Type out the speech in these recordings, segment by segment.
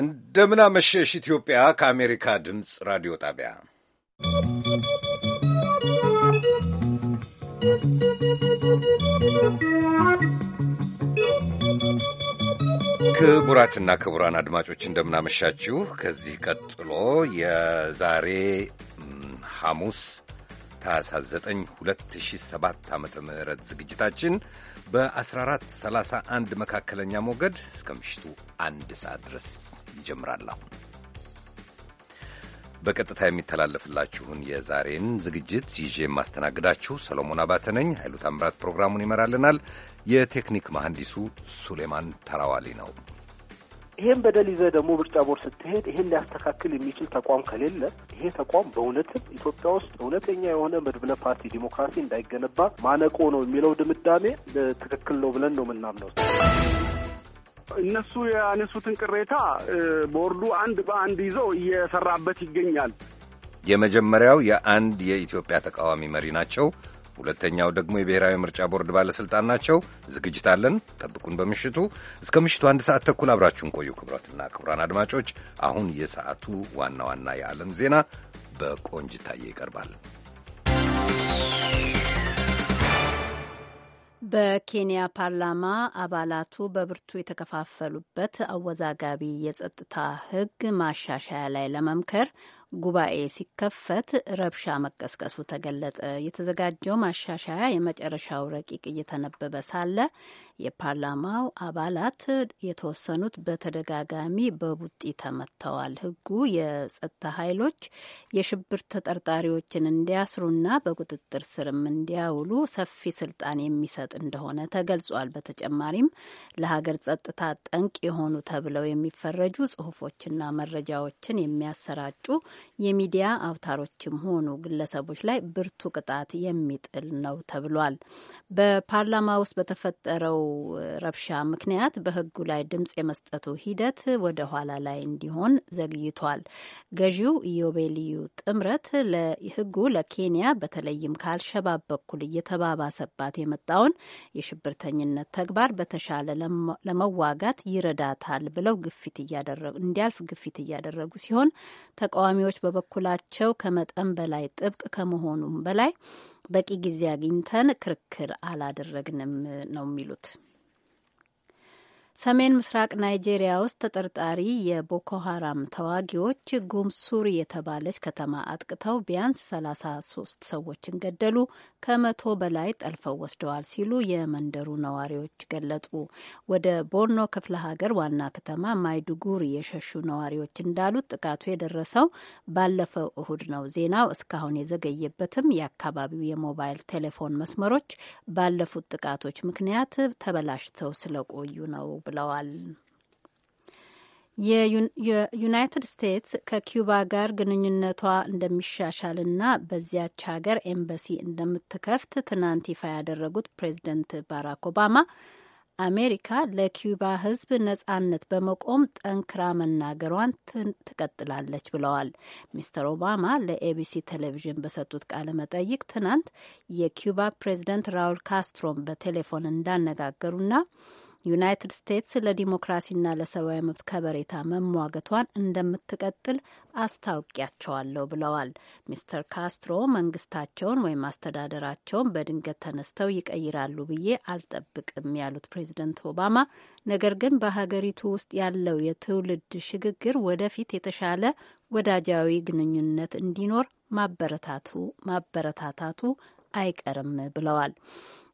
እንደምናመሸሽ ኢትዮጵያ ከአሜሪካ ድምፅ ራዲዮ ጣቢያ ክቡራትና ክቡራን አድማጮች እንደምናመሻችሁ። ከዚህ ቀጥሎ የዛሬ ሐሙስ ታኅሳስ 9 2007 ዓ ም ዝግጅታችን በ1431 መካከለኛ ሞገድ እስከ ምሽቱ አንድ ሰዓት ድረስ ይጀምራል። አሁን በቀጥታ የሚተላለፍላችሁን የዛሬን ዝግጅት ይዤ የማስተናግዳችሁ ሰሎሞን አባተ ነኝ። ኃይሉ ታምራት ፕሮግራሙን ይመራልናል። የቴክኒክ መሐንዲሱ ሱሌማን ተራዋሊ ነው። ይሄን በደል ይዘህ ደግሞ ምርጫ ቦርድ ስትሄድ ይሄን ሊያስተካክል የሚችል ተቋም ከሌለ ይሄ ተቋም በእውነትም ኢትዮጵያ ውስጥ እውነተኛ የሆነ መድብለ ፓርቲ ዲሞክራሲ እንዳይገነባ ማነቆ ነው የሚለው ድምዳሜ ትክክል ነው ብለን ነው የምናምነው። እነሱ ያነሱትን ቅሬታ ቦርዱ አንድ በአንድ ይዞ እየሰራበት ይገኛል። የመጀመሪያው የአንድ የኢትዮጵያ ተቃዋሚ መሪ ናቸው። ሁለተኛው ደግሞ የብሔራዊ ምርጫ ቦርድ ባለሥልጣን ናቸው። ዝግጅት አለን፣ ጠብቁን። በምሽቱ እስከ ምሽቱ አንድ ሰዓት ተኩል አብራችሁን ቆዩ። ክቡራትና ክቡራን አድማጮች፣ አሁን የሰዓቱ ዋና ዋና የዓለም ዜና በቆንጅታዬ ይቀርባል። በኬንያ ፓርላማ አባላቱ በብርቱ የተከፋፈሉበት አወዛጋቢ የጸጥታ ሕግ ማሻሻያ ላይ ለመምከር ጉባኤ ሲከፈት ረብሻ መቀስቀሱ ተገለጠ። የተዘጋጀው ማሻሻያ የመጨረሻው ረቂቅ እየተነበበ ሳለ የፓርላማው አባላት የተወሰኑት በተደጋጋሚ በቡጢ ተመትተዋል። ህጉ የጸጥታ ኃይሎች የሽብር ተጠርጣሪዎችን እንዲያስሩና በቁጥጥር ስርም እንዲያውሉ ሰፊ ስልጣን የሚሰጥ እንደሆነ ተገልጿል። በተጨማሪም ለሀገር ጸጥታ ጠንቅ የሆኑ ተብለው የሚፈረጁ ጽሁፎችና መረጃዎችን የሚያሰራጩ የሚዲያ አውታሮችም ሆኑ ግለሰቦች ላይ ብርቱ ቅጣት የሚጥል ነው ተብሏል። በፓርላማ ውስጥ በተፈጠረው ረብሻ ምክንያት በህጉ ላይ ድምፅ የመስጠቱ ሂደት ወደ ኋላ ላይ እንዲሆን ዘግይቷል። ገዢው ኢዮቤልዩ ጥምረት ህጉ ለኬንያ በተለይም ከአልሸባብ በኩል እየተባባሰባት የመጣውን የሽብርተኝነት ተግባር በተሻለ ለመዋጋት ይረዳታል ብለው ግፊት እያደረጉ እንዲያልፍ ግፊት እያደረጉ ሲሆን ተቃዋሚዎች በበኩላቸው ከመጠን በላይ ጥብቅ ከመሆኑም በላይ በቂ ጊዜ አግኝተን ክርክር አላደረግንም ነው የሚሉት። ሰሜን ምስራቅ ናይጄሪያ ውስጥ ተጠርጣሪ የቦኮ ሀራም ተዋጊዎች ጉምሱር የተባለች ከተማ አጥቅተው ቢያንስ 33 ሰዎችን ገደሉ፣ ከመቶ በላይ ጠልፈው ወስደዋል ሲሉ የመንደሩ ነዋሪዎች ገለጡ። ወደ ቦርኖ ክፍለ ሀገር ዋና ከተማ ማይዱጉር የሸሹ ነዋሪዎች እንዳሉት ጥቃቱ የደረሰው ባለፈው እሁድ ነው። ዜናው እስካሁን የዘገየበትም የአካባቢው የሞባይል ቴሌፎን መስመሮች ባለፉት ጥቃቶች ምክንያት ተበላሽተው ስለቆዩ ነው። ብለዋል። የዩናይትድ ስቴትስ ከኪዩባ ጋር ግንኙነቷ እንደሚሻሻልና በዚያች ሀገር ኤምባሲ እንደምትከፍት ትናንት ይፋ ያደረጉት ፕሬዚደንት ባራክ ኦባማ አሜሪካ ለኪዩባ ሕዝብ ነጻነት በመቆም ጠንክራ መናገሯን ትቀጥላለች ብለዋል። ሚስተር ኦባማ ለኤቢሲ ቴሌቪዥን በሰጡት ቃለ መጠይቅ ትናንት የኪዩባ ፕሬዚደንት ራውል ካስትሮም በቴሌፎን እንዳነጋገሩና ዩናይትድ ስቴትስ ለዲሞክራሲና ለሰብአዊ መብት ከበሬታ መሟገቷን እንደምትቀጥል አስታውቂያቸዋለሁ ብለዋል። ሚስተር ካስትሮ መንግስታቸውን ወይም አስተዳደራቸውን በድንገት ተነስተው ይቀይራሉ ብዬ አልጠብቅም ያሉት ፕሬዚደንት ኦባማ፣ ነገር ግን በሀገሪቱ ውስጥ ያለው የትውልድ ሽግግር ወደፊት የተሻለ ወዳጃዊ ግንኙነት እንዲኖር ማበረታቱ ማበረታታቱ አይቀርም ብለዋል።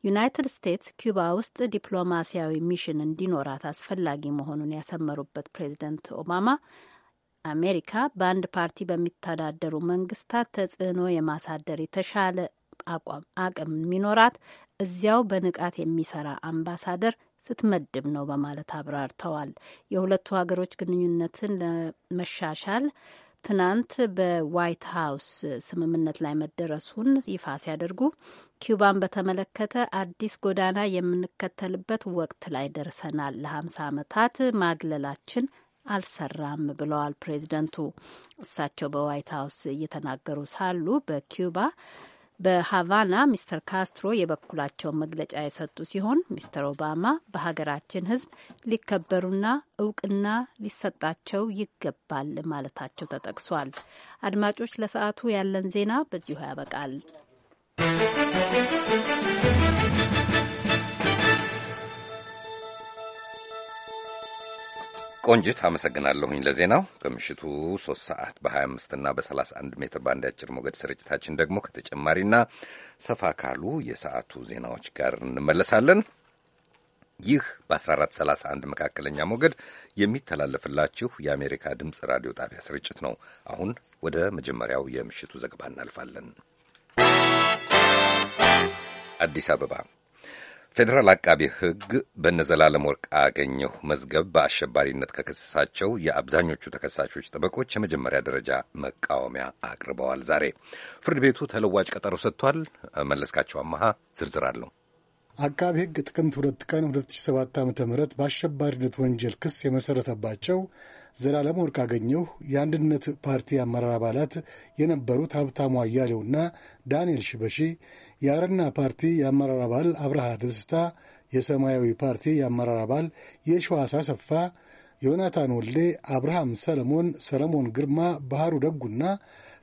ዩናይትድ ስቴትስ ኩባ ውስጥ ዲፕሎማሲያዊ ሚሽን እንዲኖራት አስፈላጊ መሆኑን ያሰመሩበት ፕሬዚደንት ኦባማ አሜሪካ በአንድ ፓርቲ በሚተዳደሩ መንግስታት ተጽዕኖ የማሳደር የተሻለ አቋም አቅም የሚኖራት እዚያው በንቃት የሚሰራ አምባሳደር ስትመድብ ነው በማለት አብራርተዋል። የሁለቱ ሀገሮች ግንኙነትን ለመሻሻል ትናንት በዋይት ሀውስ ስምምነት ላይ መደረሱን ይፋ ሲያደርጉ ኪውባን በተመለከተ አዲስ ጎዳና የምንከተልበት ወቅት ላይ ደርሰናል። ለሀምሳ ዓመታት ማግለላችን አልሰራም ብለዋል ፕሬዚደንቱ። እሳቸው በዋይት ሀውስ እየተናገሩ ሳሉ በኪውባ በሀቫና ሚስተር ካስትሮ የበኩላቸውን መግለጫ የሰጡ ሲሆን ሚስተር ኦባማ በሀገራችን ሕዝብ ሊከበሩና እውቅና ሊሰጣቸው ይገባል ማለታቸው ተጠቅሷል። አድማጮች፣ ለሰዓቱ ያለን ዜና በዚሁ ያበቃል። ቆንጅት አመሰግናለሁኝ ለዜናው። በምሽቱ 3 ሰዓት በ25 እና በ31 ሜትር ባንድ አጭር ሞገድ ስርጭታችን ደግሞ ከተጨማሪና ሰፋ ካሉ የሰዓቱ ዜናዎች ጋር እንመለሳለን። ይህ በ1431 መካከለኛ ሞገድ የሚተላለፍላችሁ የአሜሪካ ድምፅ ራዲዮ ጣቢያ ስርጭት ነው። አሁን ወደ መጀመሪያው የምሽቱ ዘገባ እናልፋለን። አዲስ አበባ ፌዴራል አቃቢ ሕግ በነዘላለም ወርቅ አገኘሁ መዝገብ በአሸባሪነት ከከሰሳቸው የአብዛኞቹ ተከሳሾች ጠበቆች የመጀመሪያ ደረጃ መቃወሚያ አቅርበዋል። ዛሬ ፍርድ ቤቱ ተለዋጭ ቀጠሮ ሰጥቷል። መለስካቸው አመሃ ዝርዝር አለው። አቃቢ ሕግ ጥቅምት ሁለት ቀን 2007 ዓ ም በአሸባሪነት ወንጀል ክስ የመሠረተባቸው ዘላለም ወርቅ አገኘሁ የአንድነት ፓርቲ አመራር አባላት የነበሩት ሀብታሙ አያሌውና ዳንኤል ሽበሺ የአረና ፓርቲ የአመራር አባል አብርሃ ደስታ፣ የሰማያዊ ፓርቲ የአመራር አባል የሸዋስ አሰፋ፣ ዮናታን ወልዴ፣ አብርሃም ሰለሞን፣ ሰለሞን ግርማ፣ ባህሩ ደጉና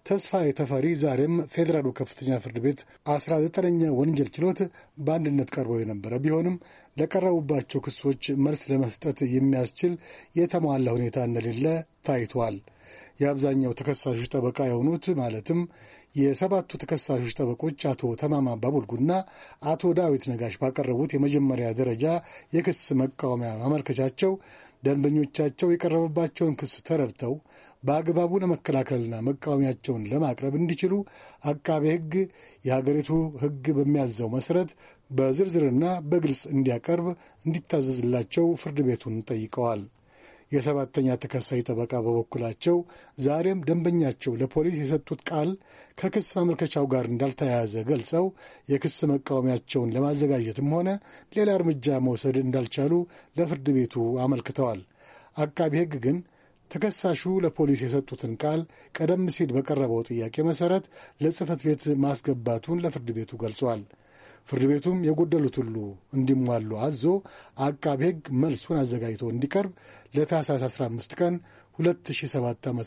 ተስፋ የተፈሪ ዛሬም ፌዴራሉ ከፍተኛ ፍርድ ቤት አስራ ዘጠነኛ ወንጀል ችሎት በአንድነት ቀርቦ የነበረ ቢሆንም ለቀረቡባቸው ክሶች መልስ ለመስጠት የሚያስችል የተሟላ ሁኔታ እንደሌለ ታይቷል። የአብዛኛው ተከሳሾች ጠበቃ የሆኑት ማለትም የሰባቱ ተከሳሾች ጠበቆች አቶ ተማማ ባቡልጉና አቶ ዳዊት ነጋሽ ባቀረቡት የመጀመሪያ ደረጃ የክስ መቃወሚያ ማመልከቻቸው ደንበኞቻቸው የቀረበባቸውን ክስ ተረድተው በአግባቡ ለመከላከልና መቃወሚያቸውን ለማቅረብ እንዲችሉ አቃቤ ሕግ የሀገሪቱ ሕግ በሚያዘው መሠረት በዝርዝርና በግልጽ እንዲያቀርብ እንዲታዘዝላቸው ፍርድ ቤቱን ጠይቀዋል። የሰባተኛ ተከሳይ ጠበቃ በበኩላቸው ዛሬም ደንበኛቸው ለፖሊስ የሰጡት ቃል ከክስ ማመልከቻው ጋር እንዳልተያያዘ ገልጸው የክስ መቃወሚያቸውን ለማዘጋጀትም ሆነ ሌላ እርምጃ መውሰድ እንዳልቻሉ ለፍርድ ቤቱ አመልክተዋል። አቃቢ ሕግ ግን ተከሳሹ ለፖሊስ የሰጡትን ቃል ቀደም ሲል በቀረበው ጥያቄ መሠረት ለጽህፈት ቤት ማስገባቱን ለፍርድ ቤቱ ገልጿል። ፍርድ ቤቱም የጎደሉት ሁሉ እንዲሟሉ አዞ አቃቤ ሕግ መልሱን አዘጋጅቶ እንዲቀርብ ለታህሳስ 15 ቀን 2007 ዓ ም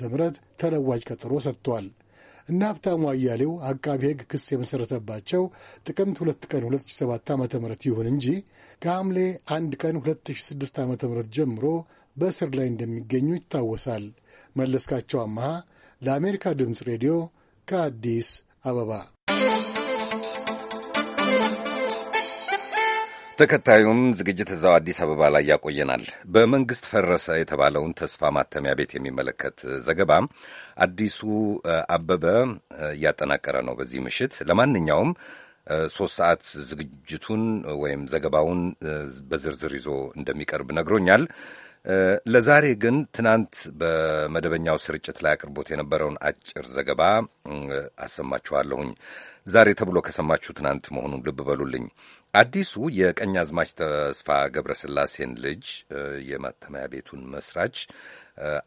ተለዋጭ ቀጠሮ ሰጥቷል። እነ ሀብታሙ አያሌው አቃቤ ሕግ ክስ የመሠረተባቸው ጥቅምት 2 ቀን 2007 ዓ ም ይሁን እንጂ ከሐምሌ 1 ቀን 2006 ዓ ም ጀምሮ በእስር ላይ እንደሚገኙ ይታወሳል። መለስካቸው አመሃ ለአሜሪካ ድምፅ ሬዲዮ ከአዲስ አበባ ተከታዩም ዝግጅት እዛው አዲስ አበባ ላይ ያቆየናል። በመንግስት ፈረሰ የተባለውን ተስፋ ማተሚያ ቤት የሚመለከት ዘገባ አዲሱ አበበ እያጠናቀረ ነው በዚህ ምሽት። ለማንኛውም ሶስት ሰዓት ዝግጅቱን ወይም ዘገባውን በዝርዝር ይዞ እንደሚቀርብ ነግሮኛል። ለዛሬ ግን ትናንት በመደበኛው ስርጭት ላይ አቅርቦት የነበረውን አጭር ዘገባ አሰማችኋለሁኝ። ዛሬ ተብሎ ከሰማችሁ ትናንት መሆኑን ልብ በሉልኝ። አዲሱ የቀኝ አዝማች ተስፋ ገብረስላሴን ልጅ የማተሚያ ቤቱን መስራች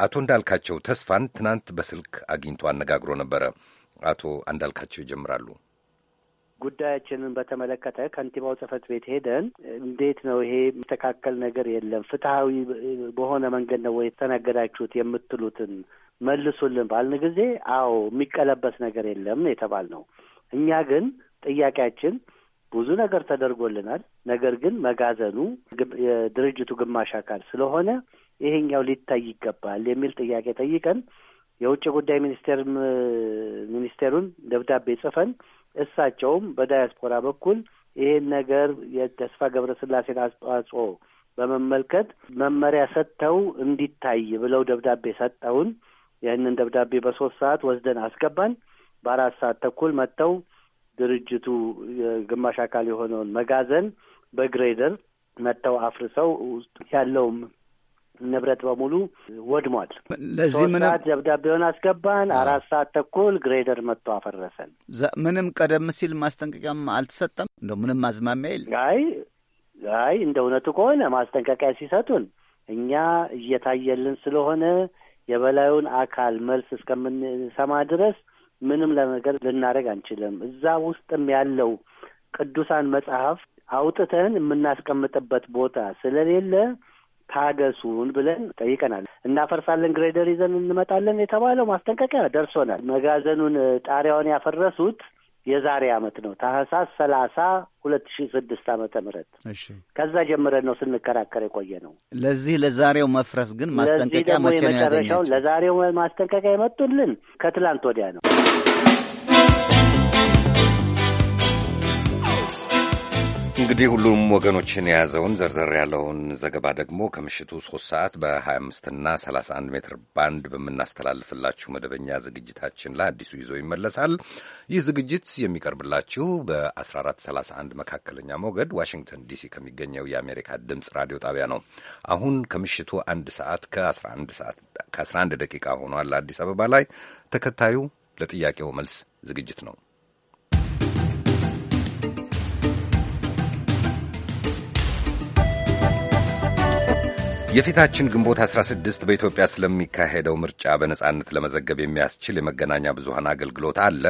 አቶ እንዳልካቸው ተስፋን ትናንት በስልክ አግኝቶ አነጋግሮ ነበረ። አቶ እንዳልካቸው ይጀምራሉ። ጉዳያችንን በተመለከተ ከንቲባው ጽህፈት ቤት ሄደን እንዴት ነው ይሄ የሚስተካከል ነገር የለም፣ ፍትሐዊ በሆነ መንገድ ነው ወይ የምትሉትን መልሱልን ባልን ጊዜ አዎ የሚቀለበስ ነገር የለም የተባል ነው። እኛ ግን ጥያቄያችን ብዙ ነገር ተደርጎልናል። ነገር ግን መጋዘኑ የድርጅቱ ግማሽ አካል ስለሆነ ይሄኛው ሊታይ ይገባል የሚል ጥያቄ ጠይቀን የውጭ ጉዳይ ሚኒስቴር ሚኒስቴሩን ደብዳቤ ጽፈን እሳቸውም በዳያስፖራ በኩል ይሄን ነገር የተስፋ ገብረስላሴን አስተዋጽኦ በመመልከት መመሪያ ሰጥተው እንዲታይ ብለው ደብዳቤ ሰጠውን። ይህንን ደብዳቤ በሶስት ሰዓት ወስደን አስገባን። በአራት ሰዓት ተኩል መጥተው ድርጅቱ ግማሽ አካል የሆነውን መጋዘን በግሬደር መጥተው አፍርሰው ውስጥ ያለውም ንብረት በሙሉ ወድሟል። ለዚህ ሶስት ሰዓት ደብዳቤውን አስገባን። አራት ሰዓት ተኩል ግሬደር መጥቶ አፈረሰን። ምንም ቀደም ሲል ማስጠንቀቂያም አልተሰጠም። እንደ ምንም አዝማሚያ የለ። አይ አይ እንደ እውነቱ ከሆነ ማስጠንቀቂያ ሲሰጡን እኛ እየታየልን ስለሆነ የበላዩን አካል መልስ እስከምንሰማ ድረስ ምንም ለነገር ልናደርግ አንችልም። እዛ ውስጥም ያለው ቅዱሳን መጽሐፍ አውጥተን የምናስቀምጥበት ቦታ ስለሌለ ታገሱን ብለን ጠይቀናል። እናፈርሳለን፣ ግሬደር ይዘን እንመጣለን የተባለው ማስጠንቀቂያ ደርሶናል። መጋዘኑን ጣሪያውን ያፈረሱት የዛሬ አመት ነው ታህሳስ ሰላሳ ሁለት ሺ ስድስት አመተ ምህረት ከዛ ጀምረን ነው ስንከራከር የቆየ ነው። ለዚህ ለዛሬው መፍረስ ግን ማስጠንቀቂያ መቼ ነው ለዛሬው ማስጠንቀቂያ የመጡልን ከትላንት ወዲያ ነው። እንግዲህ ሁሉም ወገኖችን የያዘውን ዘርዘር ያለውን ዘገባ ደግሞ ከምሽቱ ሶስት ሰዓት በ25 እና 31 ሜትር ባንድ በምናስተላልፍላችሁ መደበኛ ዝግጅታችን ላይ አዲሱ ይዞ ይመለሳል። ይህ ዝግጅት የሚቀርብላችሁ በ1431 መካከለኛ ሞገድ ዋሽንግተን ዲሲ ከሚገኘው የአሜሪካ ድምፅ ራዲዮ ጣቢያ ነው። አሁን ከምሽቱ አንድ ሰዓት ከ11 ደቂቃ ሆኗል አዲስ አበባ ላይ። ተከታዩ ለጥያቄው መልስ ዝግጅት ነው። የፊታችን ግንቦት 16 በኢትዮጵያ ስለሚካሄደው ምርጫ በነጻነት ለመዘገብ የሚያስችል የመገናኛ ብዙሃን አገልግሎት አለ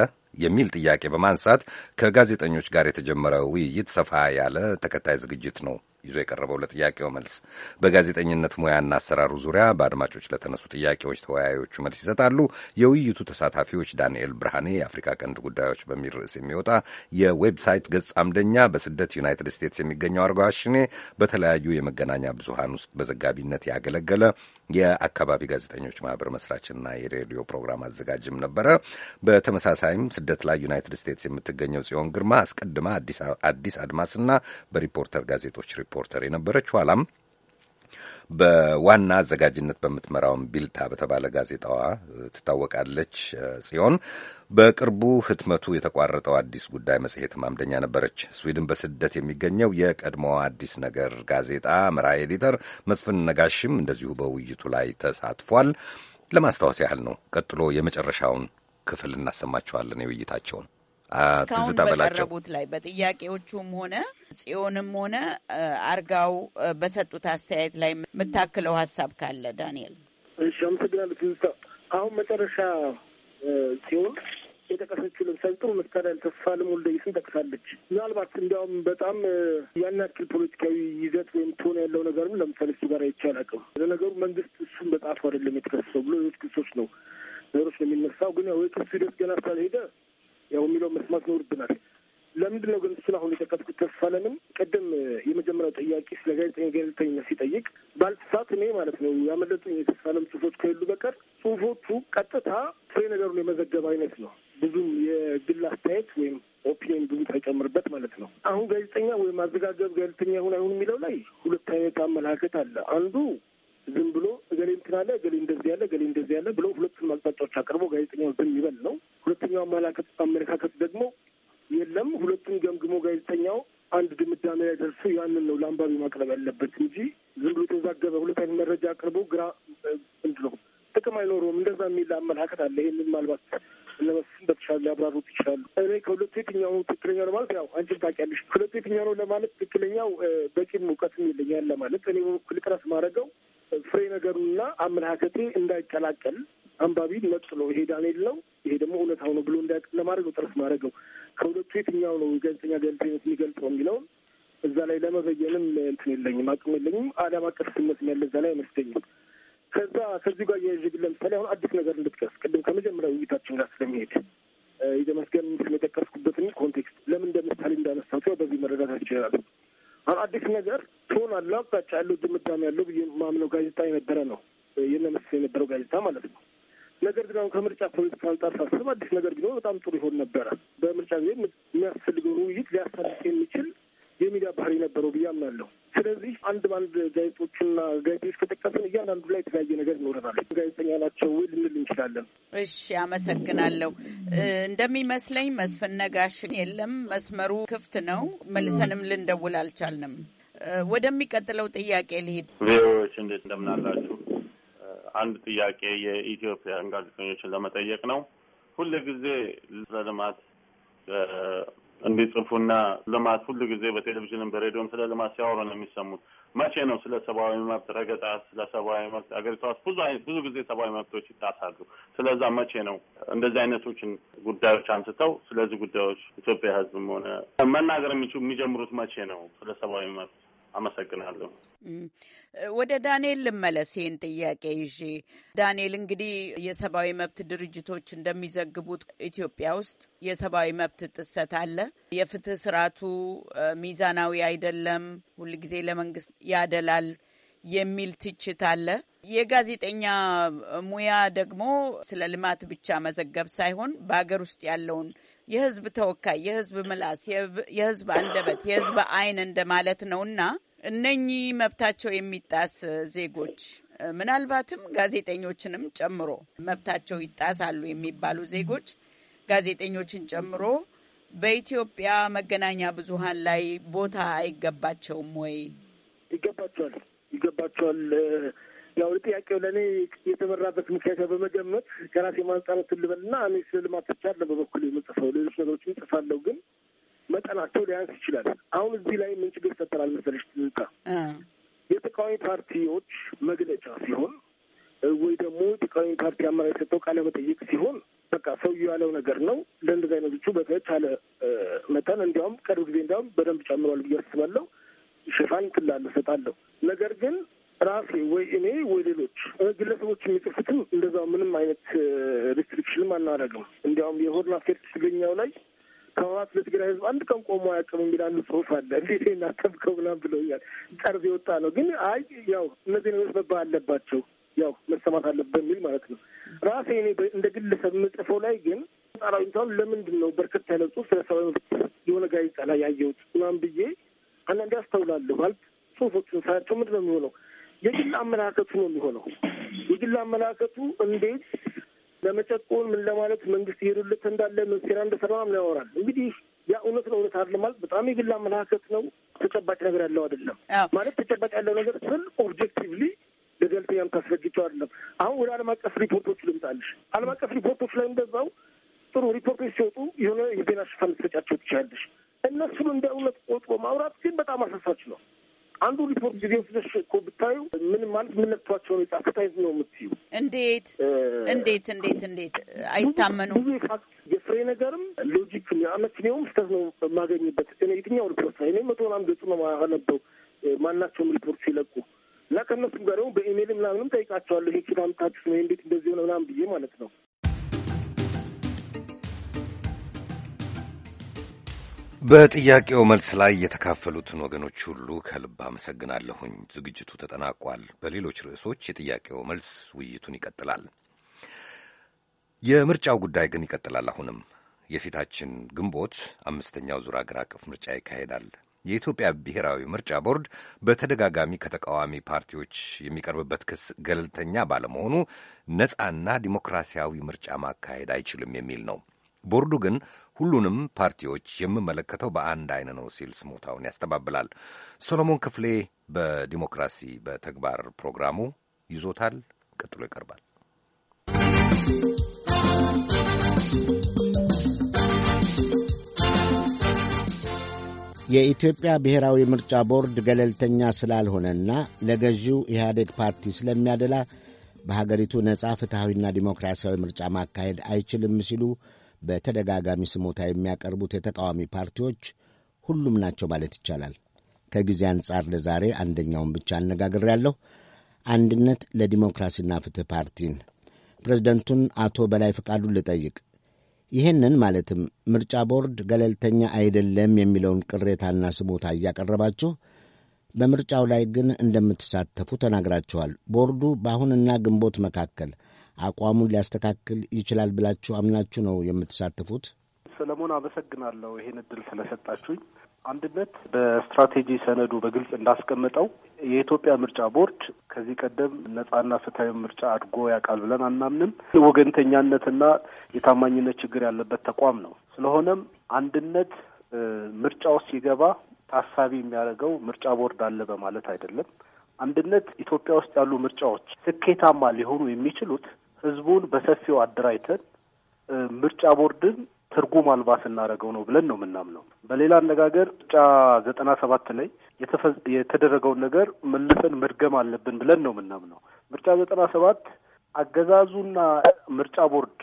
የሚል ጥያቄ በማንሳት ከጋዜጠኞች ጋር የተጀመረ ውይይት ሰፋ ያለ ተከታይ ዝግጅት ነው ይዞ የቀረበው። ለጥያቄው መልስ በጋዜጠኝነት ሙያና አሰራሩ ዙሪያ በአድማጮች ለተነሱ ጥያቄዎች ተወያዮቹ መልስ ይሰጣሉ። የውይይቱ ተሳታፊዎች ዳንኤል ብርሃኔ የአፍሪካ ቀንድ ጉዳዮች በሚል ርዕስ የሚወጣ የዌብሳይት ገጽ አምደኛ፣ በስደት ዩናይትድ ስቴትስ የሚገኘው አርጋዋሽኔ በተለያዩ የመገናኛ ብዙሃን ውስጥ በዘጋቢነት ያገለገለ የአካባቢ ጋዜጠኞች ማህበር መስራችና የሬዲዮ ፕሮግራም አዘጋጅም ነበረ። በተመሳሳይም ስደት ላይ ዩናይትድ ስቴትስ የምትገኘው ጽዮን ግርማ አስቀድማ አዲስ አድማስና በሪፖርተር ጋዜጦች ሪፖርተር የነበረች ኋላም በዋና አዘጋጅነት በምትመራውን ቢልታ በተባለ ጋዜጣዋ ትታወቃለች። ጽዮን በቅርቡ ህትመቱ የተቋረጠው አዲስ ጉዳይ መጽሔት ማምደኛ ነበረች። ስዊድን በስደት የሚገኘው የቀድሞዋ አዲስ ነገር ጋዜጣ መራሄ ኤዲተር መስፍን ነጋሽም እንደዚሁ በውይይቱ ላይ ተሳትፏል። ለማስታወስ ያህል ነው። ቀጥሎ የመጨረሻውን ክፍል እናሰማችኋለን የውይይታቸውን። ትዝታ በላቸው ላይ በጥያቄዎቹም ሆነ ጽዮንም ሆነ አርጋው በሰጡት አስተያየት ላይ የምታክለው ሀሳብ ካለ ዳንኤል? እሺ፣ አመሰግናለሁ አሁን መጨረሻ ጽዮን የጠቀሰችው ለምሳሌ ጥሩ መሳሪያ ተስፋለም ወልደየስን ጠቅሳለች። ምናልባት እንዲያውም በጣም ያን ያክል ፖለቲካዊ ይዘት ወይም ትሆን ያለው ነገርም ለምሳሌ እሱ ጋር አይቻል አቅም ለነገሩ መንግስት እሱን በጣቱ አይደለም የተከሰሰው ብሎ ሌሎች ክሶች ነው ነገሮች ነው የሚነሳው። ግን ያው የክሱ ሂደት ገና ስላልሄደ ያው የሚለው መስማት ይኖርብናል። ለምንድን ነው ግን ስለአሁን የጠቀስኩት? ተስፋለንም ቅድም የመጀመሪያው ጥያቄ ስለ ጋዜጠኛ ገለልተኝነት ሲጠይቅ ባልሳት እኔ ማለት ነው ያመለጡኝ የተስፋለም ጽሁፎች ከሌሉ በቀር ጽሁፎቹ ቀጥታ ፍሬ ነገሩን የመዘገብ አይነት ነው። ብዙም የግል አስተያየት ወይም ኦፒኒን ብዙ ሳይጨምርበት ማለት ነው። አሁን ጋዜጠኛ ወይም አዘጋገብ ጋዜጠኛ ይሁን አይሁን የሚለው ላይ ሁለት አይነት አመለካከት አለ። አንዱ ዝም ብሎ እገሌ እንትን አለ፣ እገሌ እንደዚህ ያለ፣ እገሌ እንደዚህ ያለ ብሎ ሁለቱን አቅጣጫዎች አቅርቦ ጋዜጠኛው ዝም ይበል ነው። ሁለተኛው አመለካከት ደግሞ ሲቀላቀል አንባቢ ነጥሎ ይሄ ዳንኤል ይሄ ደግሞ እውነታው ነው ብሎ እንዳያቅ ለማድረግ ነው ጥረት ማድረግ ነው። ከሁለቱ የትኛው ነው ጋዜጠኛ ገለልተኝነት የሚገልጸው የሚለውን እዛ ላይ ለመበየንም እንትን የለኝም፣ አቅም የለኝም። አዳም አቀፍ ስነት ያለ እዛ ላይ አይመስለኝም። ከዛ ከዚሁ ጋር ግን ለምሳሌ አሁን አዲስ ነገር እንድትቀስ ቅድም ከመጀመሪያ ውይይታችን ጋር ስለሚሄድ የደመስገን ስለጠቀስኩበትን ኮንቴክስት ለምን እንደ ምሳሌ እንዳነሳቸው በዚህ መረዳታት ይችላል። አሁን አዲስ ነገር ትሆን አለው አቅጣጫ ያለው ድምዳሜ ያለው ብዬ ማምነው ጋዜጣ የነበረ ነው የነመስ የነበረው ጋዜጣ ማለት ነው። ነገር ግን አሁን ከምርጫ ፖለቲካ አንጻር ሳስብ አዲስ ነገር ቢኖር በጣም ጥሩ ይሆን ነበረ። በምርጫ ጊዜ የሚያስፈልገውን ውይይት ሊያሳልፍ የሚችል የሚዲያ ባህሪ ነበረው ብዬ አምናለሁ። ስለዚህ አንድ በአንድ ጋዜጦችና ጋዜጦች ከጠቀስን እያንዳንዱ ላይ የተለያየ ነገር ይኖረናል። ጋዜጠኛ ናቸው ወይ ልንል እንችላለን። እሺ፣ አመሰግናለሁ። እንደሚመስለኝ መስፍን ነጋሽ የለም፣ መስመሩ ክፍት ነው። መልሰንም ልንደውል አልቻልንም። ወደሚቀጥለው ጥያቄ ልሂድ። ቪዎች እንዴት እንደምናላችሁ አንድ ጥያቄ የኢትዮጵያን ጋዜጠኞችን ለመጠየቅ ነው። ሁል ጊዜ ለልማት እንዲጽፉና ልማት ሁሉ ጊዜ በቴሌቪዥንም በሬዲዮም ስለ ልማት ሲያወሩ ነው የሚሰሙት። መቼ ነው ስለ ሰብአዊ መብት ረገጣ፣ ስለ ሰብአዊ መብት አገሪቷ ብዙ አይነት ብዙ ጊዜ ሰብአዊ መብቶች ይጣሳሉ። ስለዛ መቼ ነው እንደዚህ አይነቶችን ጉዳዮች አንስተው ስለዚህ ጉዳዮች ኢትዮጵያ ሕዝብም ሆነ መናገር የሚችሉ የሚጀምሩት መቼ ነው ስለ ሰብአዊ መብት አመሰግናለሁ። ወደ ዳንኤል ልመለስ ይህን ጥያቄ ይዤ። ዳንኤል እንግዲህ የሰብአዊ መብት ድርጅቶች እንደሚዘግቡት ኢትዮጵያ ውስጥ የሰብአዊ መብት ጥሰት አለ። የፍትህ ስርዓቱ ሚዛናዊ አይደለም፣ ሁልጊዜ ለመንግስት ያደላል የሚል ትችት አለ። የጋዜጠኛ ሙያ ደግሞ ስለ ልማት ብቻ መዘገብ ሳይሆን በሀገር ውስጥ ያለውን የህዝብ ተወካይ፣ የህዝብ ምላስ፣ የህዝብ አንደበት፣ የህዝብ አይን እንደማለት እና እነኚህ መብታቸው የሚጣስ ዜጎች ምናልባትም ጋዜጠኞችንም ጨምሮ መብታቸው ይጣሳሉ የሚባሉ ዜጎች ጋዜጠኞችን ጨምሮ በኢትዮጵያ መገናኛ ብዙኃን ላይ ቦታ አይገባቸውም ወይ? ይገባቸዋል፣ ይገባቸዋል። ያው ጥያቄው ለእኔ የተመራበት ምክንያት በመገመት ከራሴ ማንጻረት ልበልና እኔ ስለ ልማት ብቻ በበኩል የምጽፈው ሌሎች ነገሮችን እጽፋለሁ ግን መጠናቸው ሊያንስ ይችላል። አሁን እዚህ ላይ ምን ችግር ይፈጠራል መሰለሽ ትዝታ? የተቃዋሚ ፓርቲዎች መግለጫ ሲሆን ወይ ደግሞ የተቃዋሚ ፓርቲ አመራር የሰጠው ቃለ መጠይቅ ሲሆን በቃ ሰውዬው ያለው ነገር ነው። ለእንደዚህ አይነቶቹ በተቻለ መጠን እንዲያውም ቅርብ ጊዜ እንዲያውም በደንብ ጨምሯል ብዬ አስባለሁ። ሽፋን ትላለ ሰጣለሁ። ነገር ግን ራሴ ወይ እኔ ወይ ሌሎች ግለሰቦች የሚጽፉትም እንደዛው ምንም አይነት ሪስትሪክሽንም አናደርግም። እንዲያውም የሆርን አፌር ትገኛው ላይ ከህወሓት ለትግራይ ህዝብ አንድ ቀን ቆሞ አያውቅም የሚል አንድ ጽሁፍ አለ። እንዴ እናተብከው ምናምን ብለውኛል። ጠርዝ የወጣ ነው ግን አይ ያው እነዚህ ነገሮች መባል አለባቸው ያው መሰማት አለበት የሚል ማለት ነው። ራሴ እኔ እንደ ግለሰብ ምጽፈው ላይ ግን ጣራዊታሁን ለምንድን ነው በርከት ያለ ጽሁፍ ስለ ሰብአዊ መብት የሆነ ጋዜጣ ላይ ያየሁት ምናምን ብዬ አንዳንዴ አስተውላለሁ። አል ጽሁፎችን ሳያቸው ምንድን ነው የሚሆነው የግል አመለካከቱ ነው የሚሆነው የግል አመለካከቱ እንዴት ለመጨቆን ምን ለማለት መንግስት እየሄዱለት እንዳለ ምን ሴራ እንደሰራ ምን ያወራል። እንግዲህ ያ እውነት ነው እውነት አይደለም ማለት በጣም የግል አመለካከት ነው። ተጨባጭ ነገር ያለው አይደለም ማለት ተጨባጭ ያለው ነገር ስል ኦብጀክቲቭሊ ለገለልተኛ ታስረጅቸው አይደለም። አሁን ወደ አለም አቀፍ ሪፖርቶች ልምጣልሽ። አለም አቀፍ ሪፖርቶች ላይ እንደዛው ጥሩ ሪፖርቶች ሲወጡ የሆነ የዜና ሽፋን ልትሰጫቸው ትችላለሽ። እነሱን እንደ እውነት ቆጥሮ ማውራት ግን በጣም አሳሳች ነው። አንዱ ሪፖርት ጊዜ ወስደሽ እኮ ብታዩ ምን ማለት ምን ነጥቷቸውን የጻፉት ነው የምትዩ። እንዴት እንዴት እንዴት እንዴት አይታመኑ ብዙ የፋክት የፍሬ ነገርም ሎጂክ አመክንዮም ስህተት ነው የማገኝበት የትኛው ሪፖርት ላይ እኔ መቶን አንድ ገጽ ነው ማነበው ማናቸውም ሪፖርት ሲለቁ እና ከእነሱም ጋር ደግሞ በኢሜይል ምናምንም ጠይቃቸዋለሁ። ይህ ችታምታችሁ ነው እንዴት እንደዚህ ሆነ ምናምን ብዬ ማለት ነው በጥያቄው መልስ ላይ የተካፈሉትን ወገኖች ሁሉ ከልብ አመሰግናለሁኝ። ዝግጅቱ ተጠናቋል። በሌሎች ርዕሶች የጥያቄው መልስ ውይይቱን ይቀጥላል። የምርጫው ጉዳይ ግን ይቀጥላል። አሁንም የፊታችን ግንቦት አምስተኛው ዙር አገር አቀፍ ምርጫ ይካሄዳል። የኢትዮጵያ ብሔራዊ ምርጫ ቦርድ በተደጋጋሚ ከተቃዋሚ ፓርቲዎች የሚቀርብበት ክስ ገለልተኛ ባለመሆኑ ነፃና ዲሞክራሲያዊ ምርጫ ማካሄድ አይችልም የሚል ነው። ቦርዱ ግን ሁሉንም ፓርቲዎች የምመለከተው በአንድ አይን ነው ሲል ስሞታውን ያስተባብላል። ሰሎሞን ክፍሌ በዲሞክራሲ በተግባር ፕሮግራሙ ይዞታል። ቀጥሎ ይቀርባል። የኢትዮጵያ ብሔራዊ ምርጫ ቦርድ ገለልተኛ ስላልሆነና ለገዢው ኢህአዴግ ፓርቲ ስለሚያደላ በሀገሪቱ ነጻ ፍትሐዊና ዲሞክራሲያዊ ምርጫ ማካሄድ አይችልም ሲሉ በተደጋጋሚ ስሞታ የሚያቀርቡት የተቃዋሚ ፓርቲዎች ሁሉም ናቸው ማለት ይቻላል። ከጊዜ አንጻር ለዛሬ አንደኛውን ብቻ ያለሁ አንድነት ለዲሞክራሲና ፍትህ ፓርቲን ፕሬዝደንቱን አቶ በላይ ፈቃዱን ልጠይቅ። ይህንን ማለትም ምርጫ ቦርድ ገለልተኛ አይደለም የሚለውን ቅሬታና ስሞታ እያቀረባችሁ በምርጫው ላይ ግን እንደምትሳተፉ ተናግራችኋል። ቦርዱ በአሁንና ግንቦት መካከል አቋሙን ሊያስተካክል ይችላል ብላችሁ አምናችሁ ነው የምትሳተፉት? ሰለሞን፣ አመሰግናለሁ ይህን እድል ስለሰጣችሁኝ። አንድነት በስትራቴጂ ሰነዱ በግልጽ እንዳስቀመጠው የኢትዮጵያ ምርጫ ቦርድ ከዚህ ቀደም ነጻና ፍትሐዊ ምርጫ አድርጎ ያውቃል ብለን አናምንም። ወገንተኛነትና የታማኝነት ችግር ያለበት ተቋም ነው። ስለሆነም አንድነት ምርጫው ሲገባ ታሳቢ የሚያደርገው ምርጫ ቦርድ አለ በማለት አይደለም። አንድነት ኢትዮጵያ ውስጥ ያሉ ምርጫዎች ስኬታማ ሊሆኑ የሚችሉት ህዝቡን በሰፊው አደራጅተን ምርጫ ቦርድን ትርጉም አልባ ስናደርገው ነው ብለን ነው የምናምነው። በሌላ አነጋገር ምርጫ ዘጠና ሰባት ላይ የተደረገውን ነገር መልሰን መድገም አለብን ብለን ነው የምናምነው። ምርጫ ዘጠና ሰባት አገዛዙና ምርጫ ቦርድ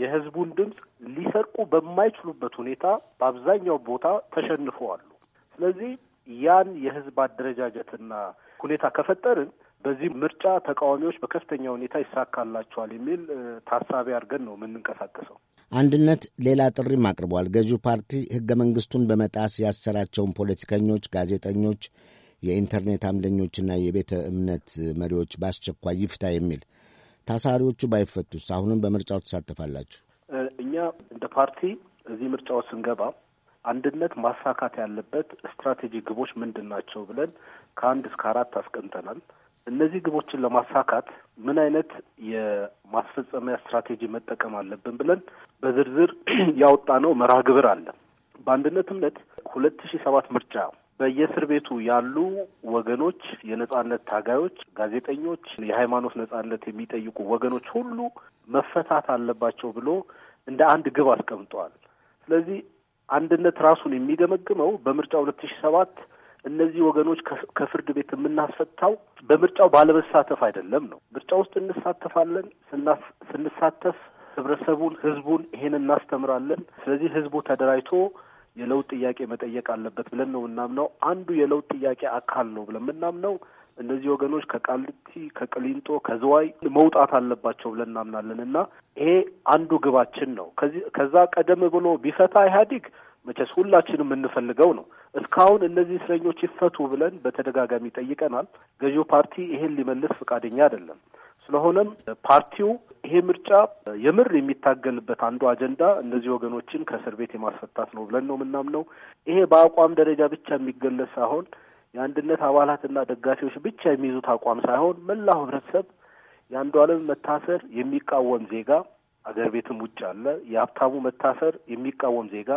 የህዝቡን ድምፅ ሊሰርቁ በማይችሉበት ሁኔታ በአብዛኛው ቦታ ተሸንፈዋሉ። ስለዚህ ያን የህዝብ አደረጃጀትና ሁኔታ ከፈጠርን በዚህ ምርጫ ተቃዋሚዎች በከፍተኛ ሁኔታ ይሳካላቸዋል የሚል ታሳቢ አድርገን ነው የምንንቀሳቀሰው። አንድነት ሌላ ጥሪም አቅርቧል። ገዢው ፓርቲ ህገ መንግስቱን በመጣስ ያሰራቸውን ፖለቲከኞች፣ ጋዜጠኞች፣ የኢንተርኔት አምደኞችና የቤተ እምነት መሪዎች በአስቸኳይ ይፍታ የሚል ታሳሪዎቹ ባይፈቱስ አሁንም በምርጫው ትሳተፋላችሁ? እኛ እንደ ፓርቲ እዚህ ምርጫው ስንገባ አንድነት ማሳካት ያለበት ስትራቴጂ ግቦች ምንድን ናቸው ብለን ከአንድ እስከ አራት አስቀምጠናል። እነዚህ ግቦችን ለማሳካት ምን አይነት የማስፈጸሚያ ስትራቴጂ መጠቀም አለብን ብለን በዝርዝር ያወጣነው መርሃ ግብር አለ። በአንድነት እምነት ሁለት ሺ ሰባት ምርጫ በየእስር ቤቱ ያሉ ወገኖች፣ የነጻነት ታጋዮች፣ ጋዜጠኞች፣ የሃይማኖት ነጻነት የሚጠይቁ ወገኖች ሁሉ መፈታት አለባቸው ብሎ እንደ አንድ ግብ አስቀምጠዋል። ስለዚህ አንድነት ራሱን የሚገመግመው በምርጫ ሁለት ሺ ሰባት እነዚህ ወገኖች ከፍርድ ቤት የምናስፈታው በምርጫው ባለመሳተፍ አይደለም ነው። ምርጫ ውስጥ እንሳተፋለን። ስንሳተፍ ህብረተሰቡን፣ ህዝቡን ይሄን እናስተምራለን። ስለዚህ ህዝቡ ተደራጅቶ የለውጥ ጥያቄ መጠየቅ አለበት ብለን ነው የምናምነው። አንዱ የለውጥ ጥያቄ አካል ነው ብለን የምናምነው እነዚህ ወገኖች ከቃሊቲ፣ ከቅሊንጦ፣ ከዝዋይ መውጣት አለባቸው ብለን እናምናለን እና ይሄ አንዱ ግባችን ነው። ከዛ ቀደም ብሎ ቢፈታ ኢህአዲግ መቼስ ሁላችንም የምንፈልገው ነው። እስካሁን እነዚህ እስረኞች ይፈቱ ብለን በተደጋጋሚ ጠይቀናል። ገዢው ፓርቲ ይሄን ሊመልስ ፈቃደኛ አይደለም። ስለሆነም ፓርቲው ይሄ ምርጫ የምር የሚታገልበት አንዱ አጀንዳ እነዚህ ወገኖችን ከእስር ቤት የማስፈታት ነው ብለን ነው የምናምነው። ይሄ በአቋም ደረጃ ብቻ የሚገለጽ ሳይሆን የአንድነት አባላትና ደጋፊዎች ብቻ የሚይዙት አቋም ሳይሆን መላው ህብረተሰብ የአንዱ አለም መታሰር የሚቃወም ዜጋ አገር ቤትም ውጭ አለ። የሀብታሙ መታሰር የሚቃወም ዜጋ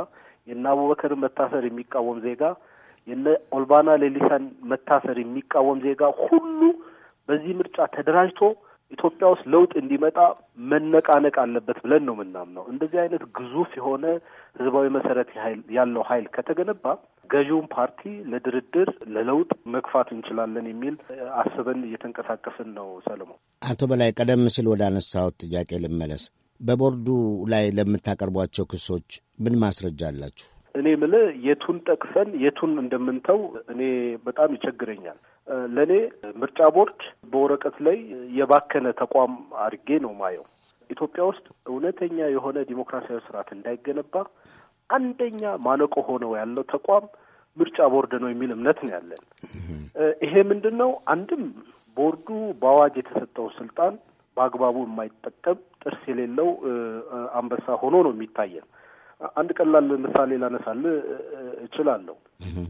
የነ አቡበከርን መታሰር የሚቃወም ዜጋ፣ የነ ኦልባና ሌሊሳን መታሰር የሚቃወም ዜጋ ሁሉ በዚህ ምርጫ ተደራጅቶ ኢትዮጵያ ውስጥ ለውጥ እንዲመጣ መነቃነቅ አለበት ብለን ነው የምናምነው። እንደዚህ አይነት ግዙፍ የሆነ ህዝባዊ መሰረት ያለው ኃይል ከተገነባ ገዢውን ፓርቲ ለድርድር ለለውጥ መግፋት እንችላለን የሚል አስበን እየተንቀሳቀስን ነው። ሰለሞን፣ አቶ በላይ ቀደም ሲል ወደ አነሳሁት ጥያቄ ልመለስ። በቦርዱ ላይ ለምታቀርቧቸው ክሶች ምን ማስረጃ አላችሁ? እኔ ምል የቱን ጠቅሰን የቱን እንደምንተው እኔ በጣም ይቸግረኛል። ለእኔ ምርጫ ቦርድ በወረቀት ላይ የባከነ ተቋም አድርጌ ነው ማየው። ኢትዮጵያ ውስጥ እውነተኛ የሆነ ዲሞክራሲያዊ ስርዓት እንዳይገነባ አንደኛ ማነቆ ሆነው ያለው ተቋም ምርጫ ቦርድ ነው የሚል እምነት ነው ያለን። ይሄ ምንድን ነው? አንድም ቦርዱ በአዋጅ የተሰጠውን ስልጣን በአግባቡ የማይጠቀም ጥርስ የሌለው አንበሳ ሆኖ ነው የሚታየን። አንድ ቀላል ምሳሌ ላነሳል እችላለሁ።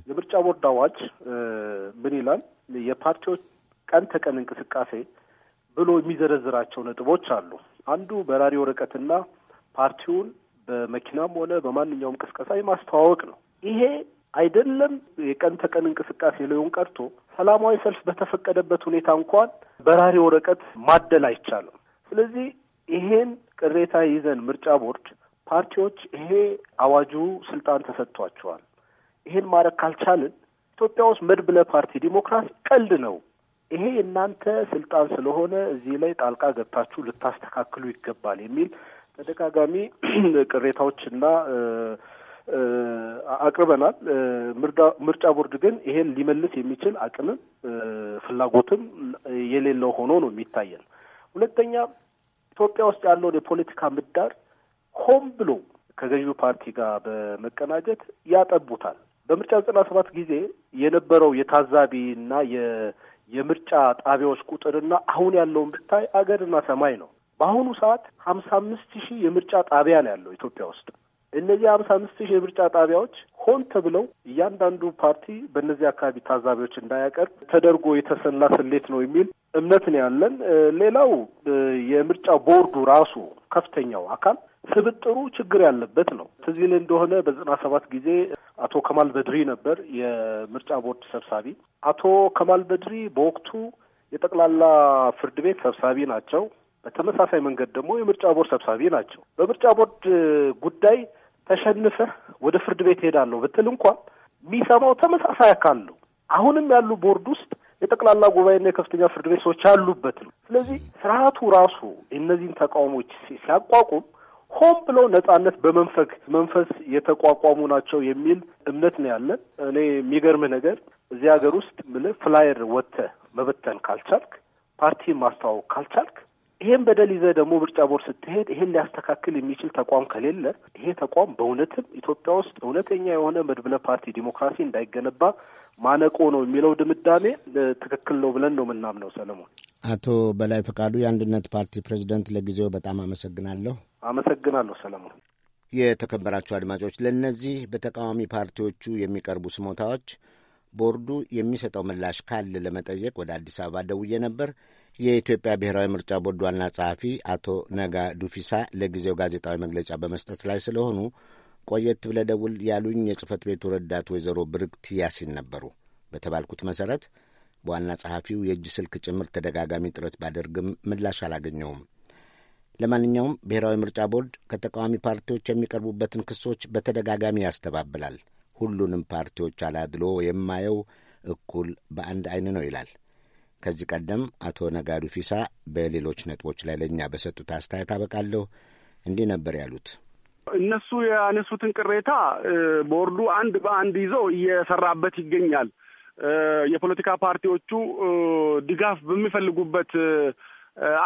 የምርጫ ቦርድ አዋጅ ምን ይላል? የፓርቲዎች ቀን ተቀን እንቅስቃሴ ብሎ የሚዘረዝራቸው ነጥቦች አሉ። አንዱ በራሪ ወረቀትና ፓርቲውን በመኪናም ሆነ በማንኛውም ቅስቀሳ የማስተዋወቅ ነው። ይሄ አይደለም የቀን ተቀን እንቅስቃሴ ላይሆን ቀርቶ ሰላማዊ ሰልፍ በተፈቀደበት ሁኔታ እንኳን በራሪ ወረቀት ማደል አይቻልም። ስለዚህ ይሄን ቅሬታ ይዘን ምርጫ ቦርድ ፓርቲዎች ይሄ አዋጁ ስልጣን ተሰጥቷቸዋል፣ ይሄን ማድረግ ካልቻልን ኢትዮጵያ ውስጥ መድብለ ፓርቲ ዲሞክራሲ ቀልድ ነው። ይሄ የእናንተ ስልጣን ስለሆነ እዚህ ላይ ጣልቃ ገብታችሁ ልታስተካክሉ ይገባል የሚል ተደጋጋሚ ቅሬታዎችና አቅርበናል። ምርጫ ቦርድ ግን ይሄን ሊመልስ የሚችል አቅምም ፍላጎትም የሌለው ሆኖ ነው የሚታየን። ሁለተኛ ኢትዮጵያ ውስጥ ያለውን የፖለቲካ ምህዳር ሆም ብሎ ከገዢው ፓርቲ ጋር በመቀናጀት ያጠቡታል። በምርጫ ዘጠና ሰባት ጊዜ የነበረው የታዛቢና የምርጫ ጣቢያዎች ቁጥርና አሁን ያለውን ብታይ አገርና ሰማይ ነው። በአሁኑ ሰዓት ሀምሳ አምስት ሺህ የምርጫ ጣቢያ ነው ያለው ኢትዮጵያ ውስጥ። እነዚህ ሀምሳ አምስት ሺህ የምርጫ ጣቢያዎች ሆን ተብለው እያንዳንዱ ፓርቲ በእነዚህ አካባቢ ታዛቢዎች እንዳያቀርብ ተደርጎ የተሰላ ስሌት ነው የሚል እምነት ነው ያለን። ሌላው የምርጫ ቦርዱ ራሱ ከፍተኛው አካል ስብጥሩ ችግር ያለበት ነው። ትዝ ይል እንደሆነ በዘጠና ሰባት ጊዜ አቶ ከማል በድሪ ነበር የምርጫ ቦርድ ሰብሳቢ። አቶ ከማል በድሪ በወቅቱ የጠቅላላ ፍርድ ቤት ሰብሳቢ ናቸው። በተመሳሳይ መንገድ ደግሞ የምርጫ ቦርድ ሰብሳቢ ናቸው። በምርጫ ቦርድ ጉዳይ ተሸንፈህ ወደ ፍርድ ቤት ሄዳለሁ ብትል እንኳን የሚሰማው ተመሳሳይ አካል ነው። አሁንም ያሉ ቦርድ ውስጥ የጠቅላላ ጉባኤና የከፍተኛ ፍርድ ቤት ሰዎች ያሉበት ነው። ስለዚህ ስርዓቱ ራሱ እነዚህን ተቃውሞች ሲያቋቁም ሆን ብለው ነጻነት በመንፈግ መንፈስ የተቋቋሙ ናቸው የሚል እምነት ነው ያለን። እኔ የሚገርምህ ነገር እዚህ ሀገር ውስጥ ምልህ ፍላየር ወጥተህ መበተን ካልቻልክ፣ ፓርቲ ማስተዋወቅ ካልቻልክ ይሄን በደል ይዘህ ደግሞ ምርጫ ቦርድ ስትሄድ ይሄን ሊያስተካክል የሚችል ተቋም ከሌለ ይሄ ተቋም በእውነትም ኢትዮጵያ ውስጥ እውነተኛ የሆነ መድብለ ፓርቲ ዲሞክራሲ እንዳይገነባ ማነቆ ነው የሚለው ድምዳሜ ትክክል ነው ብለን ነው የምናምነው። ሰለሞን። አቶ በላይ ፈቃዱ የአንድነት ፓርቲ ፕሬዚደንት፣ ለጊዜው በጣም አመሰግናለሁ። አመሰግናለሁ ሰለሞን። የተከበራችሁ አድማጮች፣ ለእነዚህ በተቃዋሚ ፓርቲዎቹ የሚቀርቡ ስሞታዎች ቦርዱ የሚሰጠው ምላሽ ካለ ለመጠየቅ ወደ አዲስ አበባ ደውዬ ነበር። የኢትዮጵያ ብሔራዊ ምርጫ ቦርድ ዋና ጸሐፊ አቶ ነጋ ዱፊሳ ለጊዜው ጋዜጣዊ መግለጫ በመስጠት ላይ ስለሆኑ ቆየት ብለህ ደውል ያሉኝ የጽህፈት ቤቱ ረዳት ወይዘሮ ብርቅት ያሲን ነበሩ። በተባልኩት መሠረት በዋና ጸሐፊው የእጅ ስልክ ጭምር ተደጋጋሚ ጥረት ባደርግም ምላሽ አላገኘውም። ለማንኛውም ብሔራዊ ምርጫ ቦርድ ከተቃዋሚ ፓርቲዎች የሚቀርቡበትን ክሶች በተደጋጋሚ ያስተባብላል። ሁሉንም ፓርቲዎች አላድሎ የማየው እኩል በአንድ አይን ነው ይላል። ከዚህ ቀደም አቶ ነጋዱ ፊሳ በሌሎች ነጥቦች ላይ ለእኛ በሰጡት አስተያየት አበቃለሁ። እንዲህ ነበር ያሉት። እነሱ ያነሱትን ቅሬታ ቦርዱ አንድ በአንድ ይዞ እየሰራበት ይገኛል። የፖለቲካ ፓርቲዎቹ ድጋፍ በሚፈልጉበት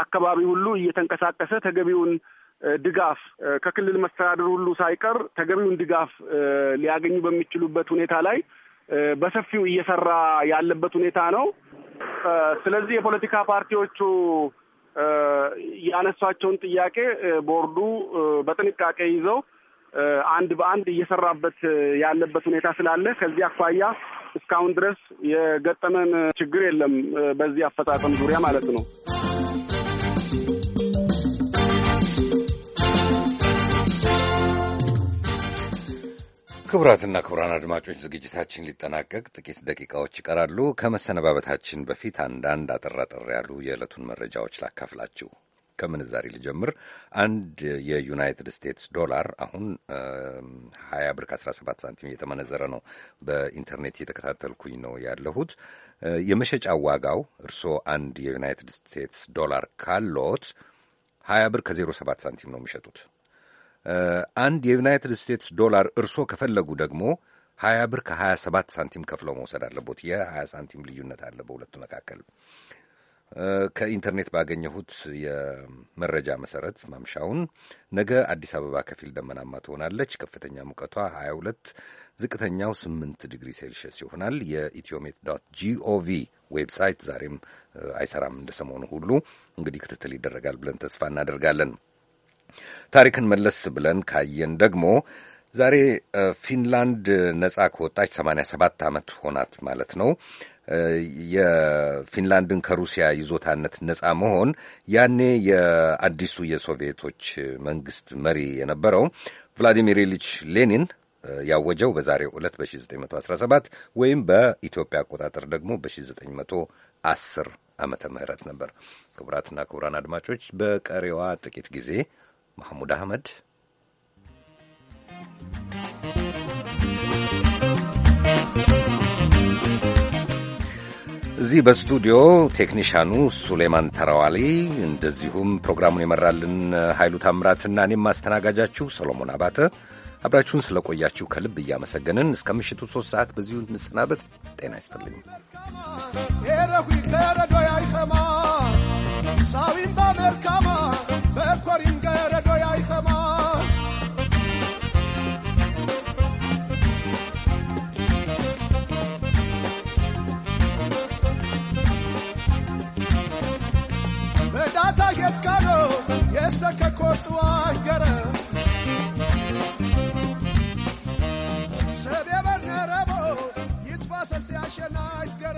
አካባቢ ሁሉ እየተንቀሳቀሰ ተገቢውን ድጋፍ ከክልል መስተዳደር ሁሉ ሳይቀር ተገቢውን ድጋፍ ሊያገኙ በሚችሉበት ሁኔታ ላይ በሰፊው እየሰራ ያለበት ሁኔታ ነው። ስለዚህ የፖለቲካ ፓርቲዎቹ ያነሷቸውን ጥያቄ ቦርዱ በጥንቃቄ ይዘው አንድ በአንድ እየሰራበት ያለበት ሁኔታ ስላለ ከዚህ አኳያ እስካሁን ድረስ የገጠመን ችግር የለም በዚህ አፈጻጸም ዙሪያ ማለት ነው። ክቡራትና ክቡራን አድማጮች ዝግጅታችን ሊጠናቀቅ ጥቂት ደቂቃዎች ይቀራሉ። ከመሰነባበታችን በፊት አንዳንድ አጠራጠር ያሉ የዕለቱን መረጃዎች ላካፍላችሁ። ከምንዛሪ ልጀምር። አንድ የዩናይትድ ስቴትስ ዶላር አሁን 20 ብር ከ17 ሳንቲም እየተመነዘረ ነው። በኢንተርኔት እየተከታተልኩኝ ነው ያለሁት። የመሸጫ ዋጋው እርስዎ አንድ የዩናይትድ ስቴትስ ዶላር ካሎት 20 ብር ከ07 ሳንቲም ነው የሚሸጡት። አንድ የዩናይትድ ስቴትስ ዶላር እርሶ ከፈለጉ ደግሞ 20 ብር ከ27 ሳንቲም ከፍለው መውሰድ አለቦት። የ20 ሳንቲም ልዩነት አለ በሁለቱ መካከል። ከኢንተርኔት ባገኘሁት የመረጃ መሰረት ማምሻውን ነገ አዲስ አበባ ከፊል ደመናማ ትሆናለች። ከፍተኛ ሙቀቷ 22፣ ዝቅተኛው 8 ዲግሪ ሴልሽየስ ይሆናል። የኢትዮሜት ዶት ጂኦቪ ዌብሳይት ዛሬም አይሰራም እንደሰሞኑ ሁሉ። እንግዲህ ክትትል ይደረጋል ብለን ተስፋ እናደርጋለን። ታሪክን መለስ ብለን ካየን ደግሞ ዛሬ ፊንላንድ ነጻ ከወጣች 87 ዓመት ሆናት ማለት ነው። የፊንላንድን ከሩሲያ ይዞታነት ነጻ መሆን ያኔ የአዲሱ የሶቪየቶች መንግስት መሪ የነበረው ቭላዲሚር ኢሊች ሌኒን ያወጀው በዛሬው ዕለት በ1917 ወይም በኢትዮጵያ አቆጣጠር ደግሞ በ1910 ዓመተ ምህረት ነበር። ክቡራትና ክቡራን አድማጮች በቀሪዋ ጥቂት ጊዜ ማሐሙድ አህመድ እዚህ በስቱዲዮ ቴክኒሻኑ ሱሌማን ተራዋሊ እንደዚሁም ፕሮግራሙን የመራልን ኃይሉ ታምራትና እኔም ማስተናጋጃችሁ ሰሎሞን አባተ አብራችሁን ስለቆያችሁ ከልብ እያመሰገንን እስከ ምሽቱ ሶስት ሰዓት በዚሁ እንሰናበት። ጤና ይስጥልኝ። ሳዊምባ መልካማ በኮሪንገ ረዶ ያይከማ በዳታ የካዶ የሰከ ኮርጡ አገረ ሰቤበርነረቦ ይትፋሰስ ያሸናገረ